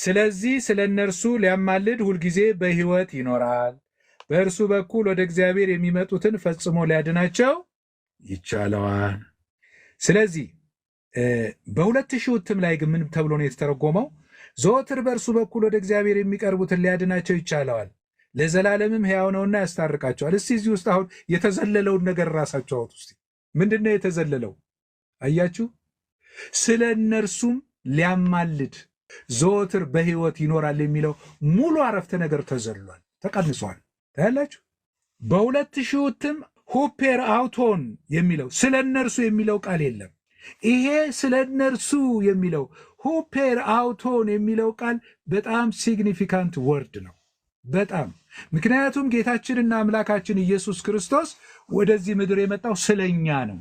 ስለዚህ ስለ እነርሱ ሊያማልድ ሁልጊዜ በሕይወት ይኖራል። በእርሱ በኩል ወደ እግዚአብሔር የሚመጡትን ፈጽሞ ሊያድናቸው ይቻለዋል። ስለዚህ በሁለት ሺህ ውትም ላይ ግን ምን ተብሎ ነው የተተረጎመው? ዘወትር በእርሱ በኩል ወደ እግዚአብሔር የሚቀርቡትን ሊያድናቸው ይቻለዋል፣ ለዘላለምም ሕያው ነውና ያስታርቃቸዋል። እስቲ እዚህ ውስጥ አሁን የተዘለለውን ነገር ራሳቸው አውጡ። ውስጥ ምንድን ነው የተዘለለው? አያችሁ፣ ስለ እነርሱም ሊያማልድ ዘወትር በህይወት ይኖራል የሚለው ሙሉ አረፍተ ነገር ተዘሏል፣ ተቀንሷል። ታያላችሁ። በሁለት ሺህ እትም ሁፔር አውቶን የሚለው ስለ እነርሱ የሚለው ቃል የለም። ይሄ ስለ እነርሱ የሚለው ሁፔር አውቶን የሚለው ቃል በጣም ሲግኒፊካንት ወርድ ነው። በጣም ምክንያቱም ጌታችንና አምላካችን ኢየሱስ ክርስቶስ ወደዚህ ምድር የመጣው ስለኛ ነው።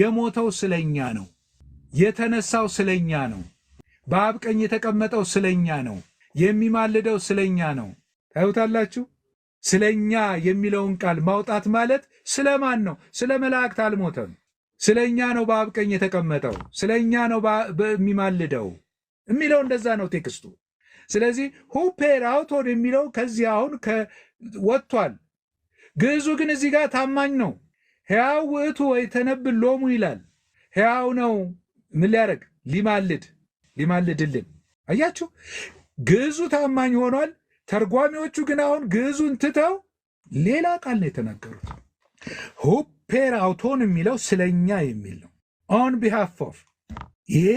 የሞተው ስለኛ ነው። የተነሳው ስለኛ ነው። በአብ ቀኝ የተቀመጠው ስለኛ ነው። የሚማልደው ስለኛ ነው። ታዩታላችሁ። ስለኛ የሚለውን ቃል ማውጣት ማለት ስለማን ነው? ስለ መላእክት አልሞተም። ስለኛ ነው በአብ ቀኝ የተቀመጠው፣ ስለኛ ነው የሚማልደው የሚለው እንደዛ ነው ቴክስቱ። ስለዚህ ሁፔር አውቶን የሚለው ከዚህ አሁን ወጥቷል። ግዕዙ ግን እዚህ ጋር ታማኝ ነው። ሕያው ውእቱ ወይ ተነብል ሎሙ ይላል። ሕያው ነው ምን ሊያደርግ ሊማልድ ይማልድልን። አያችሁ፣ ግዕዙ ታማኝ ሆኗል። ተርጓሚዎቹ ግን አሁን ግዕዙን ትተው ሌላ ቃል ነው የተናገሩት። ሁፔር አውቶን የሚለው ስለኛ የሚል ነው። ኦን ቢሃፍ ኦፍ ይሄ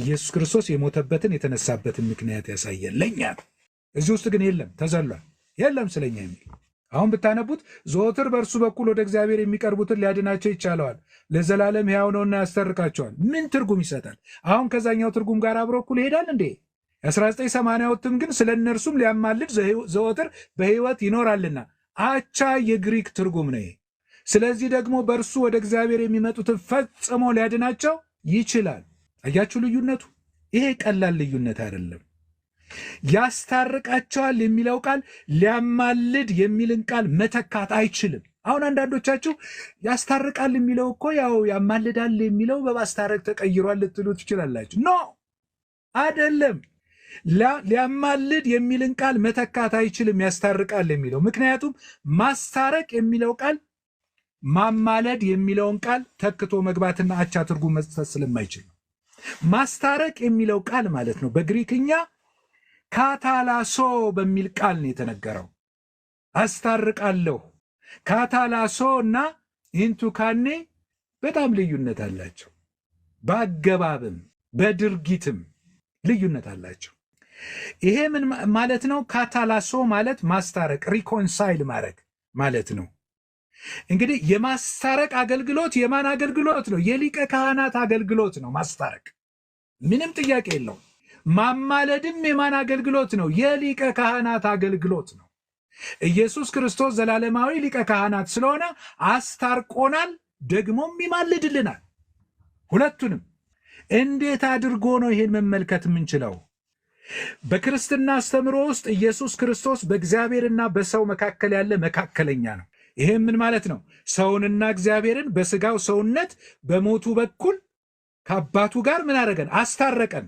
ኢየሱስ ክርስቶስ የሞተበትን የተነሳበትን ምክንያት ያሳየን ለእኛ ነው። እዚህ ውስጥ ግን የለም ተዘሏል። የለም ስለኛ የሚል አሁን ብታነቡት ዘወትር በእርሱ በኩል ወደ እግዚአብሔር የሚቀርቡትን ሊያድናቸው ይቻለዋል፣ ለዘላለም ሕያው ነውና ያስተርቃቸዋል። ምን ትርጉም ይሰጣል? አሁን ከዛኛው ትርጉም ጋር አብሮ እኩል ይሄዳል እንዴ? የ1980ዎትም ግን ስለ እነርሱም ሊያማልድ ዘወትር በሕይወት ይኖራልና አቻ የግሪክ ትርጉም ነው። ስለዚህ ደግሞ በእርሱ ወደ እግዚአብሔር የሚመጡትን ፈጽሞ ሊያድናቸው ይችላል። አያችሁ ልዩነቱ? ይሄ ቀላል ልዩነት አይደለም። ያስታርቃቸዋል የሚለው ቃል ሊያማልድ የሚልን ቃል መተካት አይችልም። አሁን አንዳንዶቻችሁ ያስታርቃል የሚለው እኮ ያው ያማልዳል የሚለው በማስታረቅ ተቀይሯል ልትሉ ትችላላችሁ። ኖ አደለም። ሊያማልድ የሚልን ቃል መተካት አይችልም ያስታርቃል የሚለው ምክንያቱም ማስታረቅ የሚለው ቃል ማማለድ የሚለውን ቃል ተክቶ መግባትና አቻ ትርጉም መስጠት ስለማይችል ነው። ማስታረቅ የሚለው ቃል ማለት ነው በግሪክኛ ካታላሶ በሚል ቃል ነው የተነገረው። አስታርቃለሁ። ካታላሶ እና ኢንቱካኔ በጣም ልዩነት አላቸው። በአገባብም በድርጊትም ልዩነት አላቸው። ይሄ ምን ማለት ነው? ካታላሶ ማለት ማስታረቅ፣ ሪኮንሳይል ማድረግ ማለት ነው። እንግዲህ የማስታረቅ አገልግሎት የማን አገልግሎት ነው? የሊቀ ካህናት አገልግሎት ነው። ማስታረቅ ምንም ጥያቄ የለውም። ማማለድም የማን አገልግሎት ነው? የሊቀ ካህናት አገልግሎት ነው። ኢየሱስ ክርስቶስ ዘላለማዊ ሊቀ ካህናት ስለሆነ አስታርቆናል፣ ደግሞም ይማልድልናል። ሁለቱንም እንዴት አድርጎ ነው ይሄን መመልከት የምንችለው? በክርስትና አስተምሮ ውስጥ ኢየሱስ ክርስቶስ በእግዚአብሔርና በሰው መካከል ያለ መካከለኛ ነው። ይህም ምን ማለት ነው? ሰውንና እግዚአብሔርን በስጋው ሰውነት በሞቱ በኩል ከአባቱ ጋር ምን አረገን? አስታረቀን።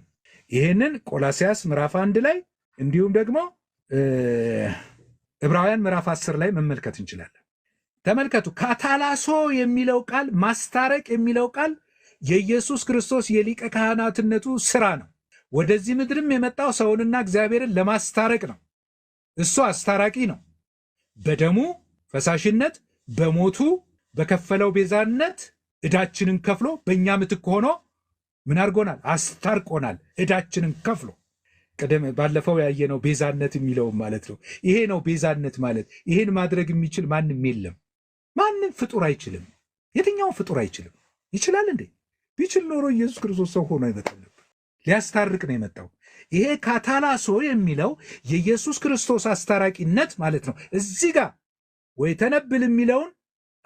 ይህንን ቆላሲያስ ምዕራፍ አንድ ላይ እንዲሁም ደግሞ ዕብራውያን ምዕራፍ አስር ላይ መመልከት እንችላለን። ተመልከቱ ካታላሶ የሚለው ቃል ማስታረቅ የሚለው ቃል የኢየሱስ ክርስቶስ የሊቀ ካህናትነቱ ስራ ነው። ወደዚህ ምድርም የመጣው ሰውንና እግዚአብሔርን ለማስታረቅ ነው። እሱ አስታራቂ ነው። በደሙ ፈሳሽነት በሞቱ በከፈለው ቤዛነት ዕዳችንን ከፍሎ በእኛ ምትክ ሆኖ ምን አድርጎናል? አስታርቆናል። እዳችንን ከፍሎ ቀደም ባለፈው ያየነው ቤዛነት የሚለውም ማለት ነው። ይሄ ነው ቤዛነት ማለት። ይሄን ማድረግ የሚችል ማንም የለም። ማንም ፍጡር አይችልም። የትኛውን ፍጡር አይችልም። ይችላል እንዴ? ቢችል ኖሮ ኢየሱስ ክርስቶስ ሰው ሆኖ አይመጣም ነበር። ሊያስታርቅ ነው የመጣው። ይሄ ካታላሶ የሚለው የኢየሱስ ክርስቶስ አስታራቂነት ማለት ነው። እዚህ ጋር ወይ ተነብል የሚለውን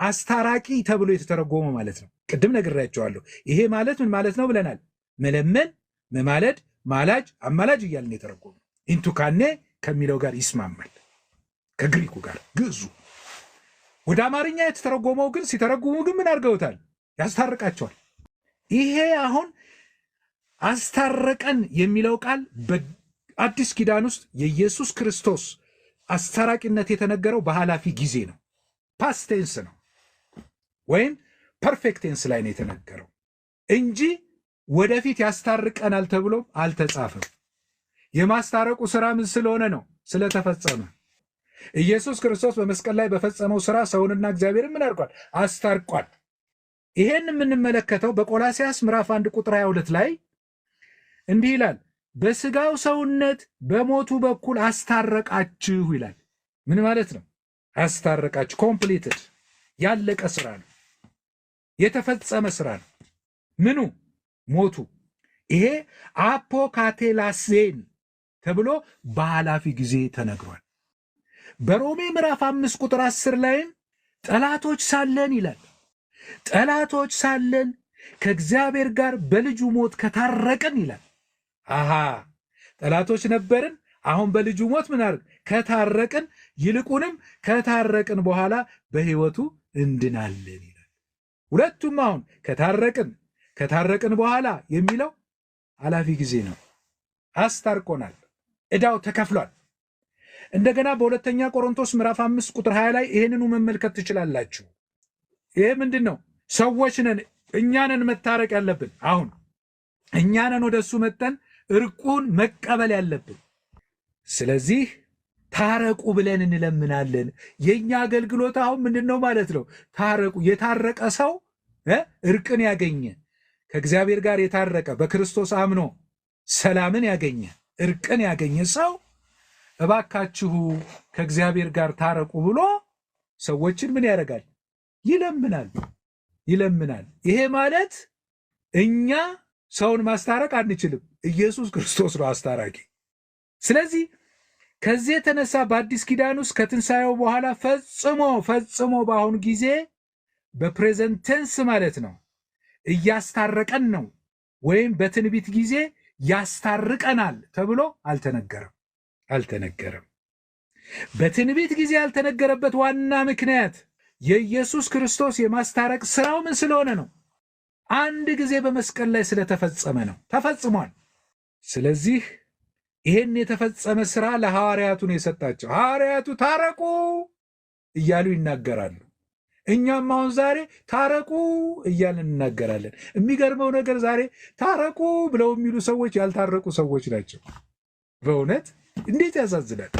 አስታራቂ ተብሎ የተተረጎመ ማለት ነው። ቅድም ነግሬያቸዋለሁ። ይሄ ማለት ምን ማለት ነው ብለናል። መለመን፣ መማለድ፣ ማላጅ፣ አማላጅ እያልን የተረጎመ ኢንቱካኔ ከሚለው ጋር ይስማማል። ከግሪኩ ጋር ግዕዙ ወደ አማርኛ የተተረጎመው ግን ሲተረጉሙ ግን ምን አድርገውታል? ያስታርቃቸዋል። ይሄ አሁን አስታረቀን የሚለው ቃል በአዲስ ኪዳን ውስጥ የኢየሱስ ክርስቶስ አስታራቂነት የተነገረው በኃላፊ ጊዜ ነው፣ ፓስቴንስ ነው። ወይም ፐርፌክቴንስ ላይ ነው የተነገረው እንጂ ወደፊት ያስታርቀናል ተብሎ አልተጻፈም። የማስታረቁ ስራ ምን ስለሆነ ነው? ስለተፈጸመ። ኢየሱስ ክርስቶስ በመስቀል ላይ በፈጸመው ስራ ሰውንና እግዚአብሔርን ምን አድርጓል? አስታርቋል። ይሄን የምንመለከተው በቆላሲያስ ምዕራፍ አንድ ቁጥር 22 ላይ እንዲህ ይላል፣ በስጋው ሰውነት በሞቱ በኩል አስታረቃችሁ ይላል። ምን ማለት ነው? አስታረቃችሁ ኮምፕሊትድ፣ ያለቀ ስራ ነው። የተፈጸመ ስራ ነው። ምኑ ሞቱ። ይሄ አፖካቴላሴን ተብሎ በኃላፊ ጊዜ ተነግሯል። በሮሜ ምዕራፍ አምስት ቁጥር አስር ላይም ጠላቶች ሳለን ይላል ጠላቶች ሳለን ከእግዚአብሔር ጋር በልጁ ሞት ከታረቅን ይላል። አሃ ጠላቶች ነበርን። አሁን በልጁ ሞት ምን አድርግ ከታረቅን፣ ይልቁንም ከታረቅን በኋላ በሕይወቱ እንድናለን ይላል። ሁለቱም አሁን ከታረቅን ከታረቅን በኋላ የሚለው አላፊ ጊዜ ነው። አስታርቆናል፣ እዳው ተከፍሏል። እንደገና በሁለተኛ ቆሮንቶስ ምዕራፍ አምስት ቁጥር ሀያ ላይ ይህንኑ መመልከት ትችላላችሁ። ይህ ምንድን ነው? ሰዎች ነን፣ እኛንን መታረቅ ያለብን አሁን እኛንን ወደ እሱ መጠን እርቁን መቀበል ያለብን ስለዚህ ታረቁ ብለን እንለምናለን። የእኛ አገልግሎት አሁን ምንድን ነው ማለት ነው? ታረቁ። የታረቀ ሰው እርቅን ያገኘ ከእግዚአብሔር ጋር የታረቀ በክርስቶስ አምኖ ሰላምን ያገኘ እርቅን ያገኘ ሰው እባካችሁ ከእግዚአብሔር ጋር ታረቁ ብሎ ሰዎችን ምን ያደርጋል? ይለምናል፣ ይለምናል። ይሄ ማለት እኛ ሰውን ማስታረቅ አንችልም። ኢየሱስ ክርስቶስ ነው አስታራቂ። ስለዚህ ከዚህ የተነሳ በአዲስ ኪዳን ውስጥ ከትንሣኤው በኋላ ፈጽሞ ፈጽሞ በአሁኑ ጊዜ በፕሬዘንተንስ ማለት ነው እያስታረቀን ነው ወይም በትንቢት ጊዜ ያስታርቀናል ተብሎ አልተነገረም አልተነገረም። በትንቢት ጊዜ ያልተነገረበት ዋና ምክንያት የኢየሱስ ክርስቶስ የማስታረቅ ስራው ምን ስለሆነ ነው? አንድ ጊዜ በመስቀል ላይ ስለተፈጸመ ነው። ተፈጽሟል። ስለዚህ ይሄን የተፈጸመ ስራ ለሐዋርያቱ ነው የሰጣቸው። ሐዋርያቱ ታረቁ እያሉ ይናገራሉ። እኛም አሁን ዛሬ ታረቁ እያልን እናገራለን። የሚገርመው ነገር ዛሬ ታረቁ ብለው የሚሉ ሰዎች ያልታረቁ ሰዎች ናቸው። በእውነት እንዴት ያሳዝናል!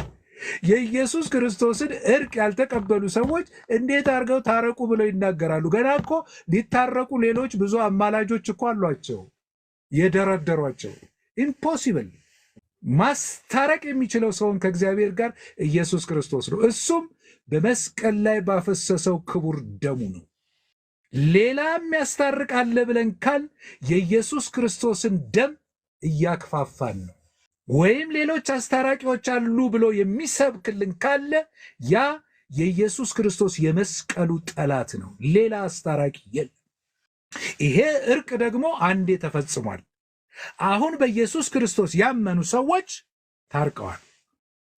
የኢየሱስ ክርስቶስን እርቅ ያልተቀበሉ ሰዎች እንዴት አድርገው ታረቁ ብለው ይናገራሉ? ገና እኮ ሊታረቁ ሌሎች ብዙ አማላጆች እኮ አሏቸው የደረደሯቸው። ኢምፖሲብል ማስታረቅ የሚችለው ሰውን ከእግዚአብሔር ጋር ኢየሱስ ክርስቶስ ነው። እሱም በመስቀል ላይ ባፈሰሰው ክቡር ደሙ ነው። ሌላም ያስታርቃለ አለ ብለን ካል የኢየሱስ ክርስቶስን ደም እያክፋፋን ነው። ወይም ሌሎች አስታራቂዎች አሉ ብሎ የሚሰብክልን ካለ ያ የኢየሱስ ክርስቶስ የመስቀሉ ጠላት ነው። ሌላ አስታራቂ የለም። ይሄ እርቅ ደግሞ አንዴ ተፈጽሟል። አሁን በኢየሱስ ክርስቶስ ያመኑ ሰዎች ታርቀዋል።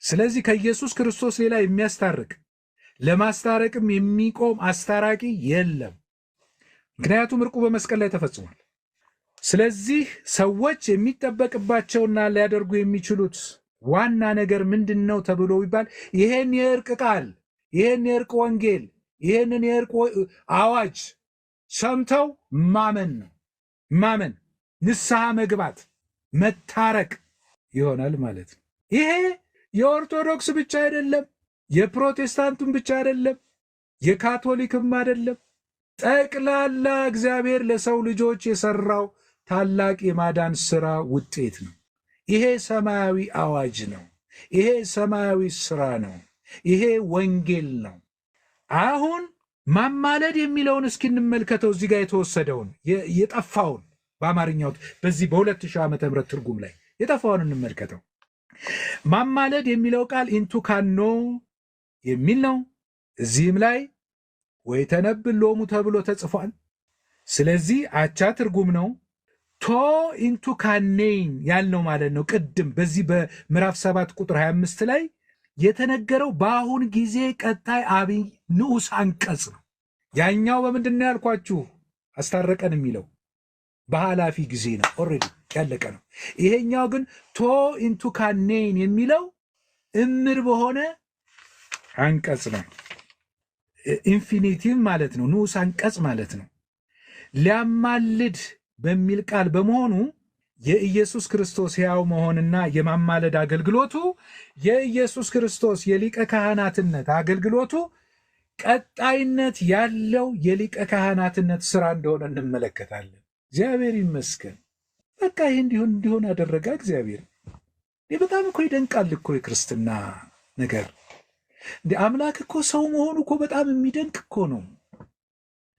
ስለዚህ ከኢየሱስ ክርስቶስ ሌላ የሚያስታርቅ ለማስታረቅም የሚቆም አስታራቂ የለም። ምክንያቱም እርቁ በመስቀል ላይ ተፈጽሟል። ስለዚህ ሰዎች የሚጠበቅባቸውና ሊያደርጉ የሚችሉት ዋና ነገር ምንድን ነው ተብሎ ይባል፣ ይሄን የእርቅ ቃል፣ ይሄን የእርቅ ወንጌል፣ ይሄንን የእርቅ አዋጅ ሰምተው ማመን ነው ማመን ንስሐ መግባት መታረቅ ይሆናል ማለት ነው። ይሄ የኦርቶዶክስ ብቻ አይደለም፣ የፕሮቴስታንቱም ብቻ አይደለም፣ የካቶሊክም አይደለም። ጠቅላላ እግዚአብሔር ለሰው ልጆች የሰራው ታላቅ የማዳን ስራ ውጤት ነው። ይሄ ሰማያዊ አዋጅ ነው። ይሄ ሰማያዊ ስራ ነው። ይሄ ወንጌል ነው። አሁን ማማለድ የሚለውን እስኪ እንመልከተው። እዚህ ጋር የተወሰደውን የጠፋውን በአማርኛው በዚህ በሁለ ሺህ ዓ ም ትርጉም ላይ የጠፋውን እንመልከተው። ማማለድ የሚለው ቃል ካኖ የሚል ነው። እዚህም ላይ ወይ ተነብል ሎሙ ተብሎ ተጽፏል። ስለዚህ አቻ ትርጉም ነው። ቶ ካኔን ያልነው ማለት ነው። ቅድም በዚህ በምዕራፍ 7 ቁጥር 25 ላይ የተነገረው በአሁን ጊዜ ቀጣይ አብይ ንዑስ አንቀጽ ነው። ያኛው በምንድን ነው ያልኳችሁ አስታረቀን የሚለው በኃላፊ ጊዜ ነው። ኦልሬዲ ያለቀ ነው። ይሄኛው ግን ቶ ኢንቱ ካኔን የሚለው እምር በሆነ አንቀጽ ነው። ኢንፊኒቲቭ ማለት ነው፣ ንዑስ አንቀጽ ማለት ነው። ሊያማልድ በሚል ቃል በመሆኑ የኢየሱስ ክርስቶስ ሕያው መሆንና የማማለድ አገልግሎቱ የኢየሱስ ክርስቶስ የሊቀ ካህናትነት አገልግሎቱ ቀጣይነት ያለው የሊቀ ካህናትነት ስራ እንደሆነ እንመለከታለን። እግዚአብሔር ይመስገን። በቃ ይህ እንዲሆን እንዲሆን አደረገ እግዚአብሔር። በጣም እኮ ይደንቃል እኮ የክርስትና ነገር እንዲ አምላክ እኮ ሰው መሆኑ እኮ በጣም የሚደንቅ እኮ ነው።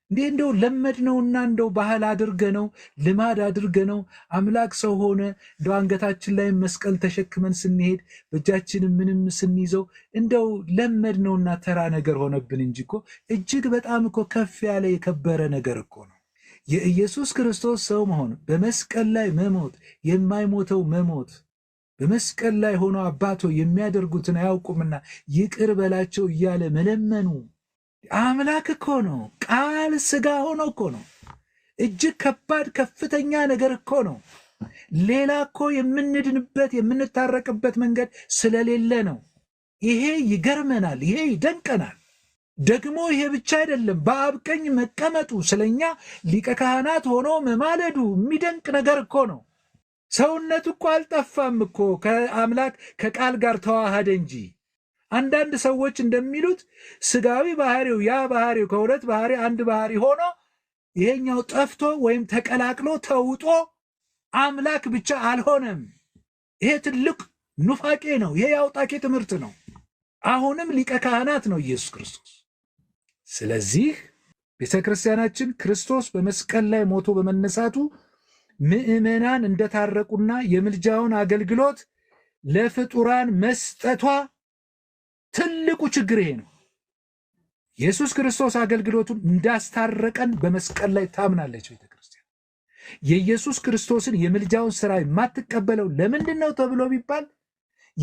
እንዴ እንደው ለመድ ነውና እንደው ባህል አድርገ ነው ልማድ አድርገ ነው አምላክ ሰው ሆነ። እንደው አንገታችን ላይ መስቀል ተሸክመን ስንሄድ በእጃችን ምንም ስንይዘው እንደው ለመድ ነውና ተራ ነገር ሆነብን እንጂ እኮ እጅግ በጣም እኮ ከፍ ያለ የከበረ ነገር እኮ ነው። የኢየሱስ ክርስቶስ ሰው መሆን በመስቀል ላይ መሞት የማይሞተው መሞት በመስቀል ላይ ሆኖ አባቶ የሚያደርጉትን አያውቁምና ይቅር በላቸው እያለ መለመኑ አምላክ እኮ ነው። ቃል ስጋ ሆኖ እኮ ነው። እጅግ ከባድ ከፍተኛ ነገር እኮ ነው። ሌላ እኮ የምንድንበት የምንታረቅበት መንገድ ስለሌለ ነው። ይሄ ይገርመናል። ይሄ ይደንቀናል። ደግሞ ይሄ ብቻ አይደለም፣ በአብ ቀኝ መቀመጡ ስለኛ ሊቀ ካህናት ሆኖ መማለዱ የሚደንቅ ነገር እኮ ነው። ሰውነት እኮ አልጠፋም እኮ ከአምላክ ከቃል ጋር ተዋሃደ እንጂ። አንዳንድ ሰዎች እንደሚሉት ስጋዊ ባህሪው ያ ባህሪው ከሁለት ባህሪ አንድ ባህሪ ሆኖ ይሄኛው ጠፍቶ ወይም ተቀላቅሎ ተውጦ አምላክ ብቻ አልሆነም። ይሄ ትልቅ ኑፋቄ ነው። ይሄ የአውጣቄ ትምህርት ነው። አሁንም ሊቀ ካህናት ነው ኢየሱስ ክርስቶስ። ስለዚህ ቤተ ክርስቲያናችን ክርስቶስ በመስቀል ላይ ሞቶ በመነሳቱ ምእመናን እንደታረቁና የምልጃውን አገልግሎት ለፍጡራን መስጠቷ ትልቁ ችግር ይሄ ነው። ኢየሱስ ክርስቶስ አገልግሎቱን እንዳስታረቀን በመስቀል ላይ ታምናለች ቤተ ክርስቲያን። የኢየሱስ ክርስቶስን የምልጃውን ስራ የማትቀበለው ለምንድን ነው ተብሎ ቢባል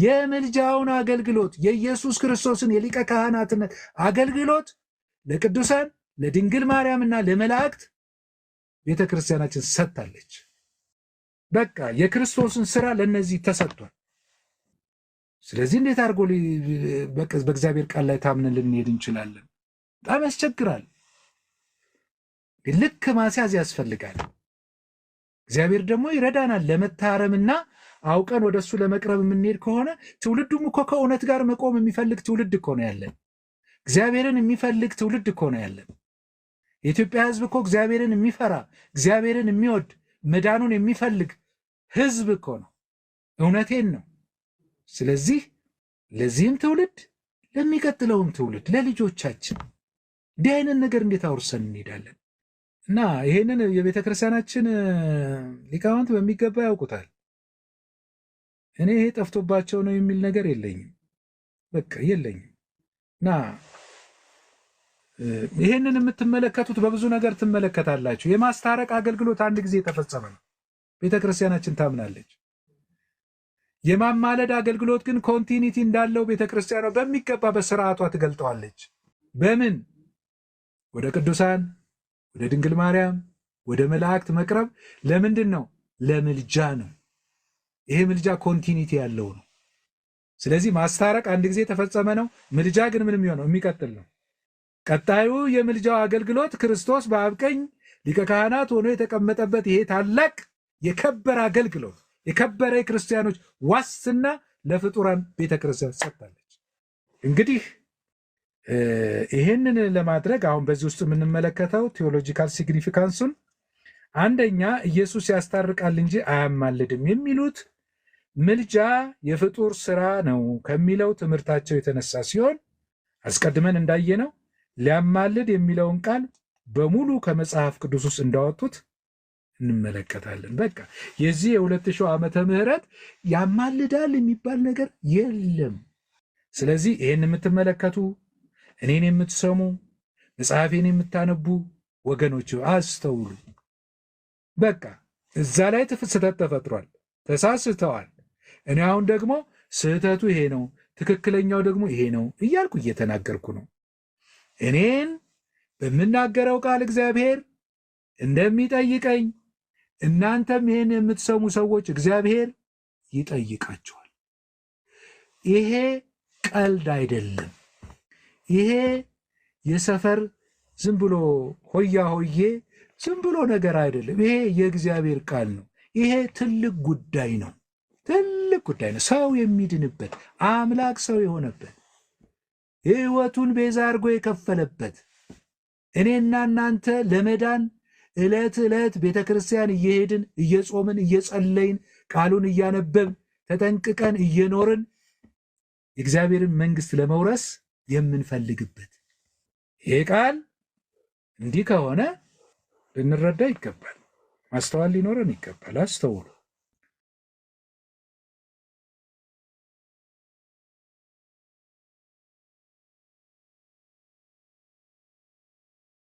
የምልጃውን አገልግሎት የኢየሱስ ክርስቶስን የሊቀ ካህናትነት አገልግሎት ለቅዱሳን ለድንግል ማርያምና ለመላእክት ቤተ ክርስቲያናችን ሰጥታለች። በቃ የክርስቶስን ስራ ለነዚህ ተሰጥቷል። ስለዚህ እንዴት አድርጎ በእግዚአብሔር ቃል ላይ ታምነን ልንሄድ እንችላለን? በጣም ያስቸግራል። ግን ልክ ማስያዝ ያስፈልጋል። እግዚአብሔር ደግሞ ይረዳናል። ለመታረምና አውቀን ወደ እሱ ለመቅረብ የምንሄድ ከሆነ ትውልዱም እኮ ከእውነት ጋር መቆም የሚፈልግ ትውልድ እኮ ነው ያለን። እግዚአብሔርን የሚፈልግ ትውልድ እኮ ነው ያለን። የኢትዮጵያ ህዝብ እኮ እግዚአብሔርን የሚፈራ እግዚአብሔርን የሚወድ መዳኑን የሚፈልግ ህዝብ እኮ ነው። እውነቴን ነው። ስለዚህ ለዚህም ትውልድ ለሚቀጥለውም ትውልድ ለልጆቻችን እንዲህ አይነት ነገር እንዴት አውርሰን እንሄዳለን? እና ይሄንን የቤተ ክርስቲያናችን ሊቃውንት በሚገባ ያውቁታል። እኔ ይሄ ጠፍቶባቸው ነው የሚል ነገር የለኝም፣ በቃ የለኝም እና ይህንን የምትመለከቱት በብዙ ነገር ትመለከታላችሁ። የማስታረቅ አገልግሎት አንድ ጊዜ የተፈጸመ ነው። ቤተ ክርስቲያናችን ታምናለች። የማማለድ አገልግሎት ግን ኮንቲኒቲ እንዳለው ቤተ ክርስቲያኗ በሚገባ በስርዓቷ ትገልጠዋለች። በምን ወደ ቅዱሳን፣ ወደ ድንግል ማርያም፣ ወደ መላእክት መቅረብ ለምንድን ነው? ለምልጃ ነው። ይሄ ምልጃ ኮንቲኒቲ ያለው ነው። ስለዚህ ማስታረቅ አንድ ጊዜ የተፈጸመ ነው። ምልጃ ግን ምንም የሚሆነው የሚቀጥል ነው። ቀጣዩ የምልጃው አገልግሎት ክርስቶስ በአብ ቀኝ ሊቀ ካህናት ሆኖ የተቀመጠበት ይሄ ታላቅ የከበረ አገልግሎት የከበረ የክርስቲያኖች ዋስትና ለፍጡራን ቤተክርስቲያን ሰጥታለች። እንግዲህ ይህንን ለማድረግ አሁን በዚህ ውስጥ የምንመለከተው ቴዎሎጂካል ሲግኒፊካንሱን አንደኛ ኢየሱስ ያስታርቃል እንጂ አያማልድም የሚሉት ምልጃ የፍጡር ስራ ነው ከሚለው ትምህርታቸው የተነሳ ሲሆን አስቀድመን እንዳየነው ሊያማልድ የሚለውን ቃል በሙሉ ከመጽሐፍ ቅዱስ ውስጥ እንዳወጡት እንመለከታለን። በቃ የዚህ የሁለት ሺው ዓመተ ምህረት ያማልዳል የሚባል ነገር የለም። ስለዚህ ይህን የምትመለከቱ እኔን የምትሰሙ መጽሐፌን የምታነቡ ወገኖች አስተውሉ። በቃ እዛ ላይ ስህተት ተፈጥሯል፣ ተሳስተዋል። እኔ አሁን ደግሞ ስህተቱ ይሄ ነው፣ ትክክለኛው ደግሞ ይሄ ነው እያልኩ እየተናገርኩ ነው። እኔን በምናገረው ቃል እግዚአብሔር እንደሚጠይቀኝ እናንተም ይህን የምትሰሙ ሰዎች እግዚአብሔር ይጠይቃቸዋል። ይሄ ቀልድ አይደለም። ይሄ የሰፈር ዝም ብሎ ሆያ ሆዬ ዝም ብሎ ነገር አይደለም። ይሄ የእግዚአብሔር ቃል ነው። ይሄ ትልቅ ጉዳይ ነው። ትልቅ ጉዳይ ነው። ሰው የሚድንበት አምላክ ሰው የሆነበት ሕይወቱን ቤዛ አድርጎ የከፈለበት እኔና እናንተ ለመዳን ዕለት ዕለት ቤተ ክርስቲያን እየሄድን እየጾምን እየጸለይን ቃሉን እያነበብን ተጠንቅቀን እየኖርን የእግዚአብሔርን መንግሥት ለመውረስ የምንፈልግበት ይሄ ቃል እንዲህ ከሆነ ልንረዳ ይገባል። ማስተዋል ሊኖረን ይገባል። አስተውሉ።